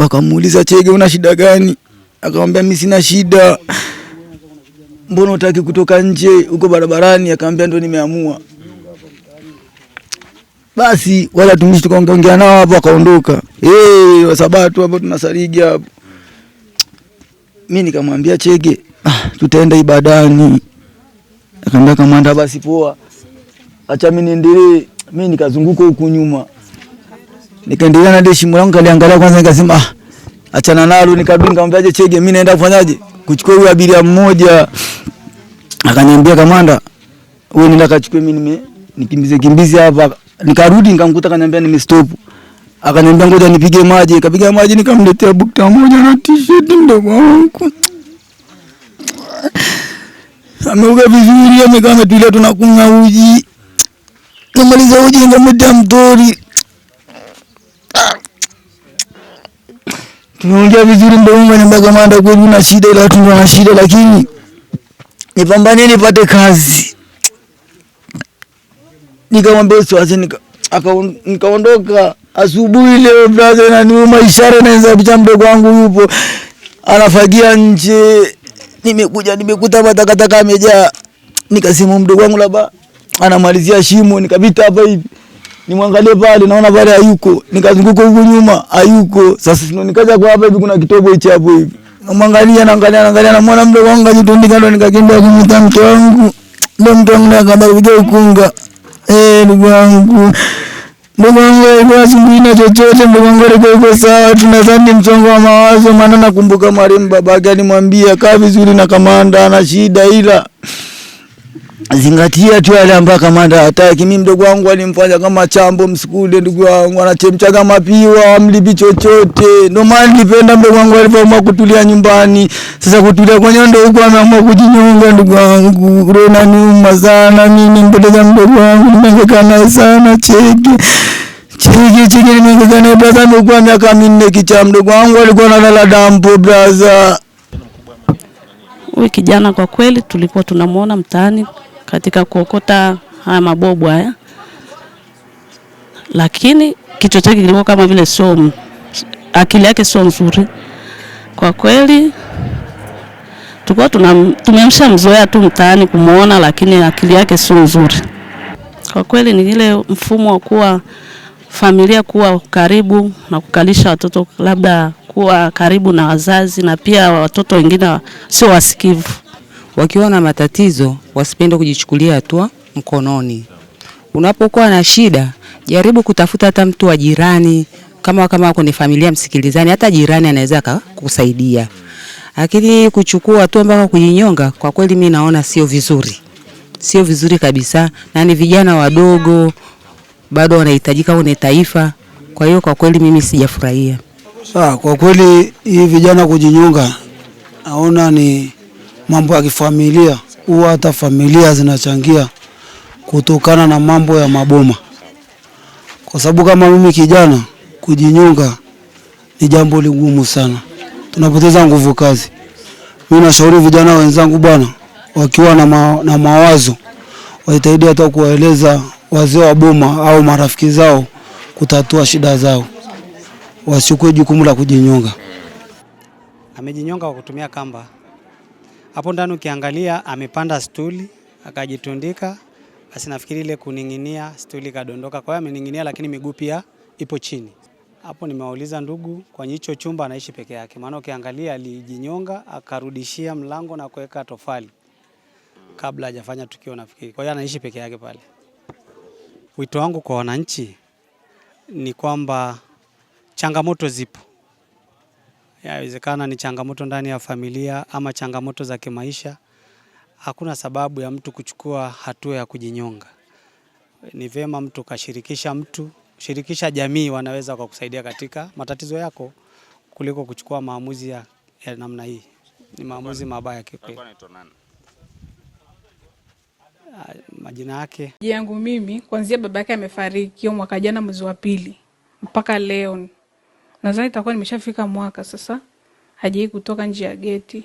Wakamuuliza, Chege, una shida gani? Akamwambia, mimi sina shida. Mbona utaki kutoka nje huko barabarani? Akamwambia, ndo nimeamua. Basi wala tumishi tukaongea nao hapo, akaondoka. Eh, wa Sabato hapo tunasarigi hapo. Mimi nikamwambia Chege, ah, tutaenda ibadani. Akamwambia, kamanda, basi poa, acha mimi niendelee. Mimi nikazunguka huku nyuma Nikaendelea na dishi mwanangu kaliangalia kwanza nikasema ah, achana nalo nikabidi nikamwambia Chege mimi naenda kufanyaje? Kuchukua huyu abiria mmoja. Akaniambia kamanda, wewe nenda kachukue mimi nime nikimbize kimbize hapa. Nikarudi nikamkuta akaniambia nimestop. Akaniambia ngoja nipige maji, nikapiga maji nikamletea bukta moja na t-shirt ndogo wangu. Ameuga vizuri, amekaa ametulia, tunakunywa uji. Kamaliza uji nikamletea mtori. tunaongea vizuri, ndio Mungu ananiambia kamanda, kweli una shida, ila tuna na shida, lakini nipambane nipate kazi. Nikamwambia usiwaze, nika nikaondoka asubuhi leo braha, naniuma ishara, naweza picha, mdogo wangu yupo anafagia nje, nimekuja nimekuta matakataka amejaa, nikasema mdogo wangu labda anamalizia shimo, nikapita hapa hivi nimwangalie pale, naona pale hayuko, nikazunguka huko nyuma hayuko. Sasa sino nikaja kwa hapa hivi, kuna kitobo hicho hapo hivi, namwangalia naangalia naangalia, na mwana mdogo wangu ajitundika, ndo nikakimbia kumuta mke wangu, ndo mke wangu akabaki kuja ukunga. Eh, ndugu wangu ndugu wangu alikuwa asubuhi na chochote. Ndugu wangu alikuwa yuko sawa, tunadhani msongo wa mawazo, maana nakumbuka marehemu babake alimwambia kaa vizuri na kamanda ana shida ila zingatia tu yale ambayo kamanda hataki. Mimi mdogo wangu alimfanya kama chambo msukule, ndugu wangu anachemcha kama piwa, amlibi chochote. Ndio maana nipenda mdogo wangu alipoamua kutulia nyumbani. Sasa kutulia kwenye ndo huko, ameamua kujinyonga. Ndugu wangu rona nyuma sana, mimi mpoteza mdogo wangu, nimekaa naye sana cheke chiki chiki, nimekaa naye braza, amekuwa miaka minne. Kicha mdogo wangu alikuwa analala dampo braza. Huyu kijana kwa kweli tulikuwa tunamwona mtaani katika kuokota haya mabobo haya, lakini kichwa chake kilikuwa kama vile somu, akili yake sio nzuri kwa kweli. Tulikuwa mzoea tu mtaani kumwona, lakini akili yake sio nzuri kwa kweli. Ni ile mfumo wa kuwa familia kuwa karibu na kukalisha watoto labda kuwa karibu na wazazi na pia watoto wengine sio wasikivu wakiona matatizo wasipende kujichukulia hatua mkononi. Unapokuwa na shida, jaribu kutafuta hata mtu wa jirani, kama kama wako ni familia, msikilizani, hata jirani anaweza kukusaidia. Lakini kuchukua hatua mpaka kujinyonga, kwa kweli mimi naona sio vizuri, sio vizuri kabisa, na ni vijana wadogo bado wanahitajika kwenye taifa. Kwa hiyo kwa kweli mimi sijafurahia. Sawa, kwa kweli hii vijana kujinyonga naona ni mambo ya kifamilia, huwa hata familia zinachangia kutokana na mambo ya maboma, kwa sababu kama mimi kijana, kujinyonga ni jambo ligumu sana, tunapoteza nguvu kazi. Mimi nashauri vijana wenzangu bwana, wakiwa na, ma, na mawazo wajitahidi hata kuwaeleza wazee wa boma au marafiki zao kutatua shida zao, wasichukue jukumu la kujinyonga. Amejinyonga kwa kutumia kamba. Hapo ndani ukiangalia amepanda stuli akajitundika, basi nafikiri ile kuning'inia stuli kadondoka, kwa hiyo amening'inia, lakini miguu pia ipo chini. Hapo nimewauliza ndugu kwenye hicho chumba anaishi peke yake, maana ukiangalia alijinyonga akarudishia mlango na kuweka tofali kabla hajafanya tukio, nafikiri. Kwa hiyo anaishi peke yake pale. Wito wangu kwa wananchi ni kwamba changamoto zipo wezekana ni changamoto ndani ya familia ama changamoto za kimaisha. Hakuna sababu ya mtu kuchukua hatua ya kujinyonga. Ni vema mtu kashirikisha mtu, shirikisha jamii wanaweza wakakusaidia katika matatizo yako kuliko kuchukua maamuzi ya, ya namna hii. Ni maamuzi mabaya kipi? Ah, majina yake yangu mimi, kuanzia baba yake amefariki mwaka jana mwezi wa pili mpaka leo Nadhani itakuwa nimeshafika mwaka sasa, hajai kutoka nje ya geti.